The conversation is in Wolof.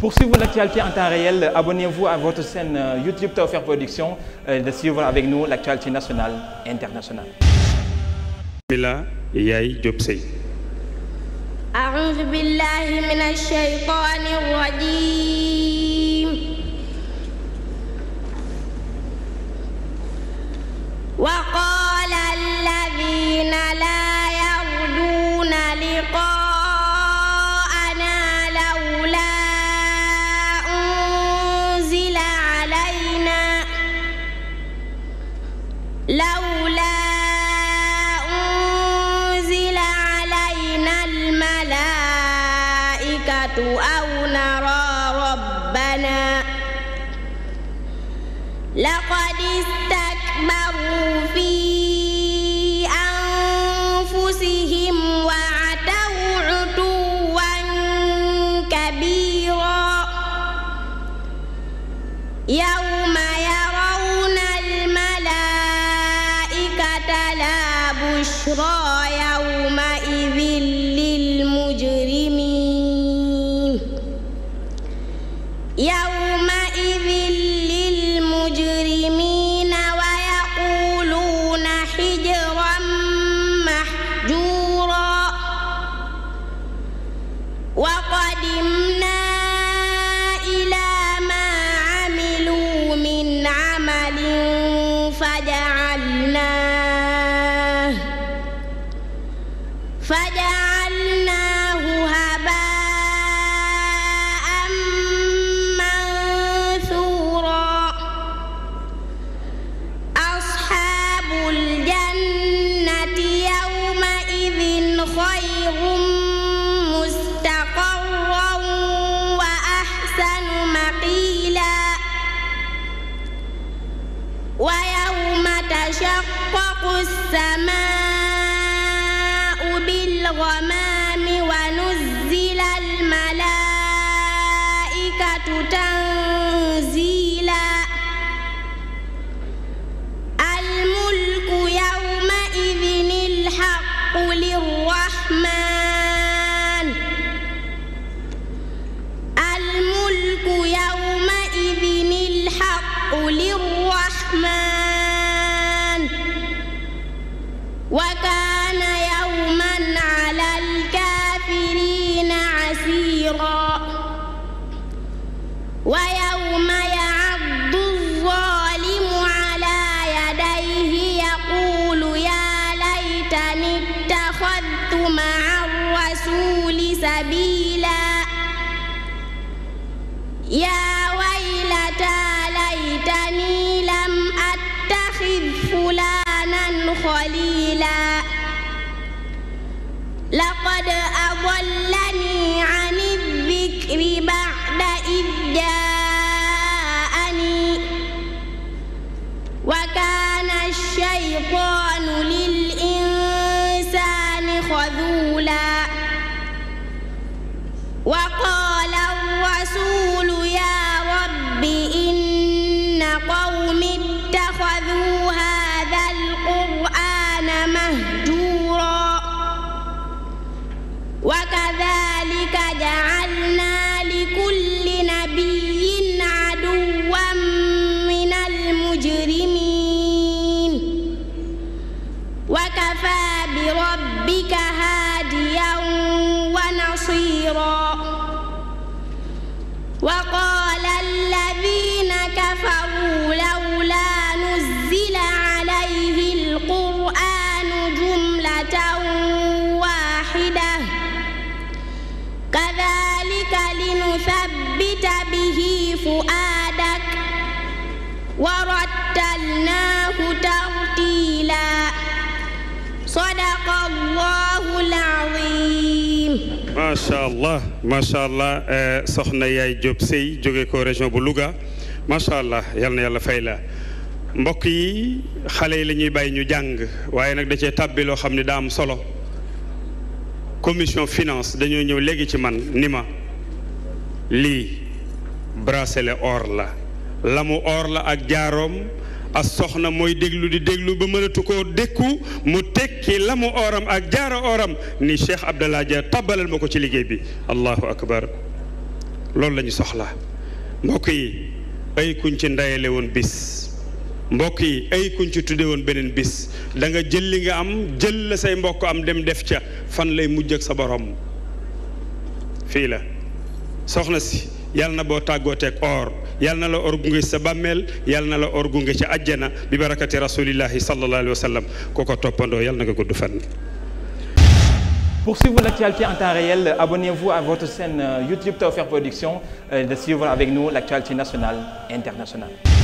Pour suivre l'actualité en temps réel, abonnez-vous à votre chaîne euh, YouTube Tawfekh Production euh, de suivre avec nous l'actualité nationale et internationale. Bismillah, Yaye Diop Seye. A'udhu billahi minash shaytanir rajim. Wa الجنة أو نرى ربنا لقد استكبروا في أنفسهم وعتوا عتوا كبيرا يوم يرون الملائكة لا بشرى فجعلناه فجعلناه هباء منثورا أصحاب الجنة يومئذ خير مستقرا وأحسن مقيلا تتشقق السماء بالغمام ونزل الملائكة تنزيلا سبيلا يا ويلتى ليتني لم أتخذ فلانا خليلا لقد أضلني عن الذكر بعد الرسول يا رب warattalnaahu tartiilaa macha allah macha allah soxna yaay Diop Sey jóge ko région bu Louga macha allah yal yàlla fay la mbokk yi xale yi lañuy bay ñu jàng waaye nag da cee tàbbi loo xam ne daa am solo commission finance dañoo ñëw léegi ci man ni ma lii bracelet or la lamu mu or la ak jaaroom as soxna mooy déglu di déglu ba mënatu koo dékku mu tekki la mu oram ak jaara oram ni Cheikh Abdallah Dia ma ko ci liggéey bi allahu akbar loolu la soxla mbokk yi ay kuñ ci ndayale bis mbokk yi ay kuñ woon beneen bis da jël li nga am jël la say mbokk am dem def ca fan lay mujj ak sa borom fii la soxna si yàlla na boo tàggooteeg or yal na la or gunge sa bàmmeel yal na la or gunge ca àjjana bi barakati rasulillahi sallallahu alayhi wa sallam ko ko toppandoo yal na fan. Pour suivre l'actualité en temps réel, abonnez-vous à votre chaîne euh, YouTube Tawfekh Production et euh, de suivre avec nous l'actualité nationale internationale.